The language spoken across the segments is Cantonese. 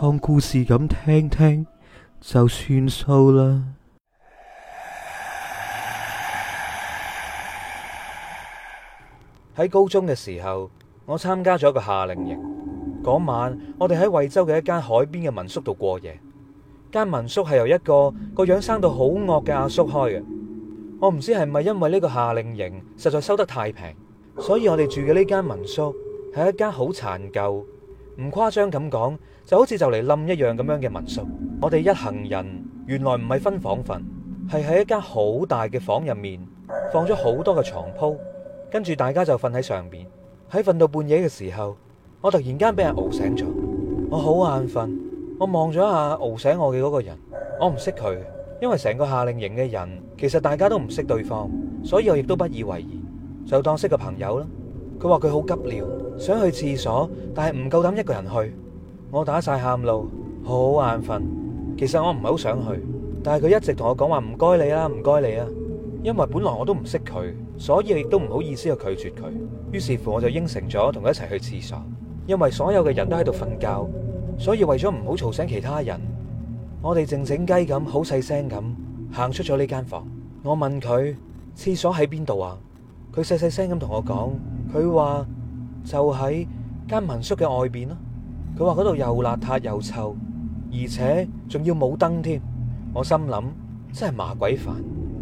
當故事咁聽聽就算數啦。喺高中嘅時候，我參加咗一個夏令營。嗰晚，我哋喺惠州嘅一間海邊嘅民宿度過夜。間民宿係由一個個樣生到好惡嘅阿叔開嘅。我唔知係咪因為呢個夏令營實在收得太平，所以我哋住嘅呢間民宿係一間好殘舊。唔誇張咁講，就好似就嚟冧一樣咁樣嘅民宿。我哋一行人原來唔係分房瞓，係喺一間好大嘅房入面放咗好多嘅床鋪，跟住大家就瞓喺上面，喺瞓到半夜嘅時候，我突然間俾人熬醒咗。我好眼瞓，我望咗一下熬醒我嘅嗰個人，我唔識佢，因為成個夏令營嘅人其實大家都唔識對方，所以我亦都不以為然，就當識個朋友啦。佢話佢好急尿。想去廁所，但係唔夠膽一個人去。我打晒喊路，好眼瞓。其實我唔係好想去，但係佢一直同我講話唔該你啊，唔該你啊。因為本來我都唔識佢，所以亦都唔好意思去拒絕佢。於是乎，我就應承咗同佢一齊去廁所。因為所有嘅人都喺度瞓覺，所以為咗唔好嘈醒其他人，我哋靜靜雞咁好細聲咁行出咗呢間房。我問佢廁所喺邊度啊？佢細細聲咁同我講，佢話。就喺間民宿嘅外邊咯，佢話嗰度又邋遢又臭，而且仲要冇燈添。我心諗真係麻鬼煩，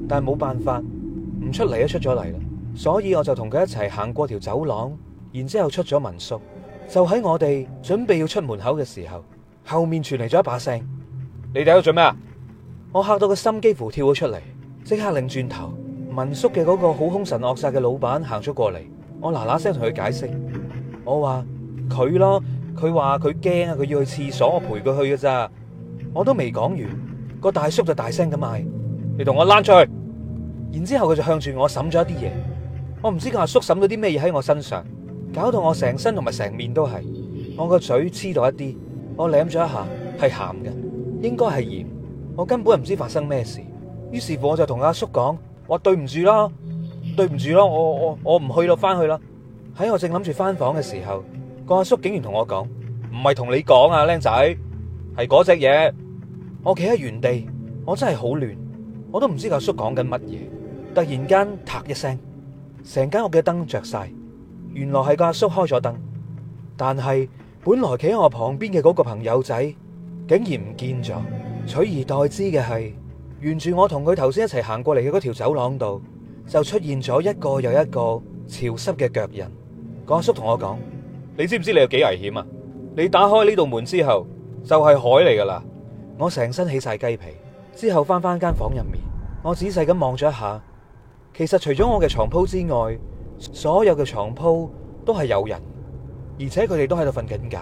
但係冇辦法，唔出嚟都出咗嚟啦。所以我就同佢一齊行過條走廊，然之後出咗民宿。就喺我哋準備要出門口嘅時候，後面傳嚟咗一把聲：你哋喺度做咩啊？我嚇到個心幾乎跳咗出嚟，即刻擰轉頭，民宿嘅嗰個好凶神惡煞嘅老闆行咗過嚟。我嗱嗱聲同佢解釋，我話佢咯，佢話佢驚啊，佢要去廁所，我陪佢去嘅咋，我都未講完，個大叔就大聲咁嗌，你同我躝出去，然之後佢就向住我審咗一啲嘢，我唔知佢阿叔審咗啲咩嘢喺我身上，搞到我成身同埋成面都係，我個嘴黐到一啲，我舐咗一下係鹹嘅，應該係鹽，我根本唔知發生咩事，於是乎我就同阿叔講，話對唔住啦。對唔住咯，我我我唔去咯，翻去啦。喺我正諗住翻房嘅時候，個阿叔竟然同我講：唔係同你講啊，僆仔，係嗰隻嘢。我企喺原地，我真係好亂，我都唔知阿叔講緊乜嘢。突然間，嗒一聲，成間屋嘅燈着晒，原來係個阿叔開咗燈。但係本來企喺我旁邊嘅嗰個朋友仔，竟然唔見咗，取而代之嘅係沿住我同佢頭先一齊行過嚟嘅嗰條走廊度。就出現咗一個又一個潮濕嘅腳印。嗰個阿叔同我講，你知唔知你有幾危險啊？你打開呢道門之後，就係海嚟噶啦！我成身起晒雞皮，之後翻翻間房入面，我仔細咁望咗一下，其實除咗我嘅床鋪之外，所有嘅床鋪都係有人，而且佢哋都喺度瞓緊覺。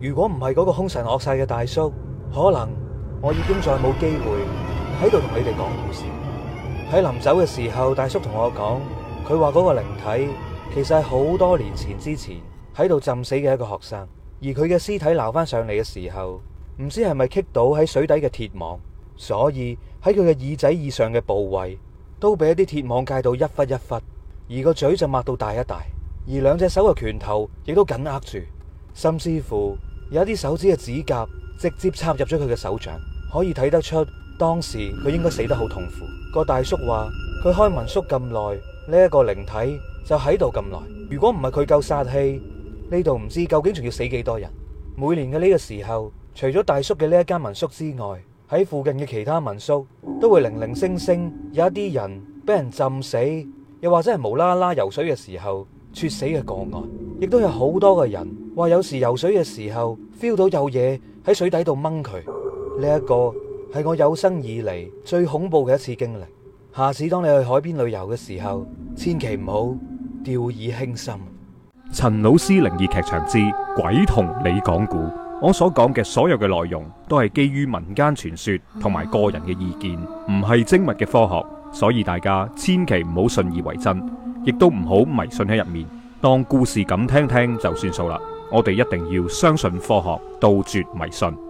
如果唔係嗰個兇神惡煞嘅大叔，可能我已經再冇機會喺度同你哋講故事。喺臨走嘅時候，大叔同我講，佢話嗰個靈體其實係好多年前之前喺度浸死嘅一個學生，而佢嘅屍體撈翻上嚟嘅時候，唔知係咪棘到喺水底嘅鐵網，所以喺佢嘅耳仔以上嘅部位都俾一啲鐵網界到一忽一忽，而個嘴就擘到大一大，而兩隻手嘅拳頭亦都緊握住，甚至乎有一啲手指嘅指甲直接插入咗佢嘅手掌，可以睇得出。當時佢應該死得好痛苦。個大叔話：佢開民宿咁耐，呢一個靈體就喺度咁耐。如果唔係佢夠煞氣，呢度唔知究竟仲要死幾多人。每年嘅呢個時候，除咗大叔嘅呢一間民宿之外，喺附近嘅其他民宿都會零零星星有一啲人俾人浸死，又或者係無啦啦游水嘅時候猝死嘅個案，亦都有好多嘅人話，有時游水嘅時候 feel 到有嘢喺水底度掹佢呢一個。係我有生以嚟最恐怖嘅一次經歷。下次當你去海邊旅遊嘅時候，千祈唔好掉以輕心。陳老師靈異劇場之鬼同你講古，我所講嘅所有嘅內容都係基於民間傳說同埋個人嘅意見，唔係精密嘅科學，所以大家千祈唔好信以為真，亦都唔好迷信喺入面，當故事咁聽聽就算數啦。我哋一定要相信科學，杜絕迷信。